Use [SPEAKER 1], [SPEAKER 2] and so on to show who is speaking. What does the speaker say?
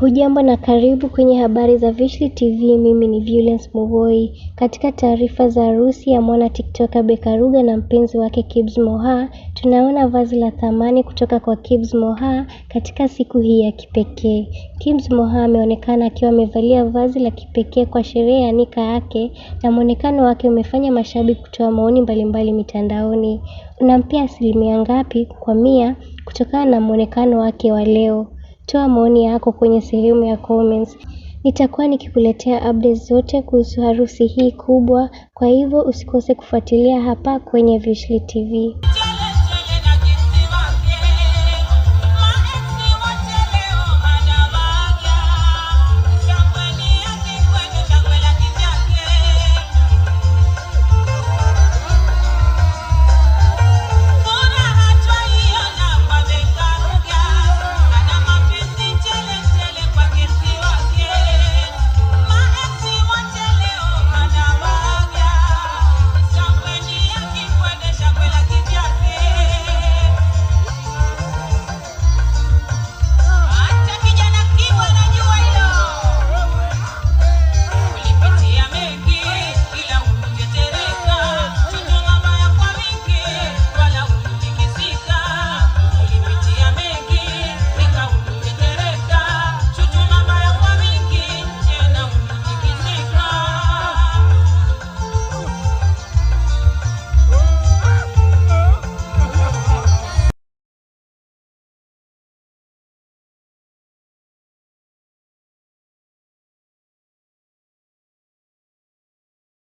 [SPEAKER 1] Hujambo na karibu kwenye habari za Veushly TV. Mimi ni Violence Muvoi. Katika taarifa za harusi ya mwana tiktoka Beka Ruga na mpenzi wake Kibz Moha, tunaona vazi la thamani kutoka kwa Kibz Moha katika siku hii ya kipekee. Kibz Moha ameonekana akiwa amevalia vazi la kipekee kwa sherehe ya nika yake na mwonekano wake umefanya mashabiki kutoa maoni mbalimbali mitandaoni. Unampea asilimia ngapi kwa mia kutokana na mwonekano wake wa leo? Toa maoni yako kwenye sehemu ya comments. Nitakuwa nikikuletea updates zote kuhusu harusi hii kubwa, kwa hivyo usikose kufuatilia hapa kwenye Veushly TV.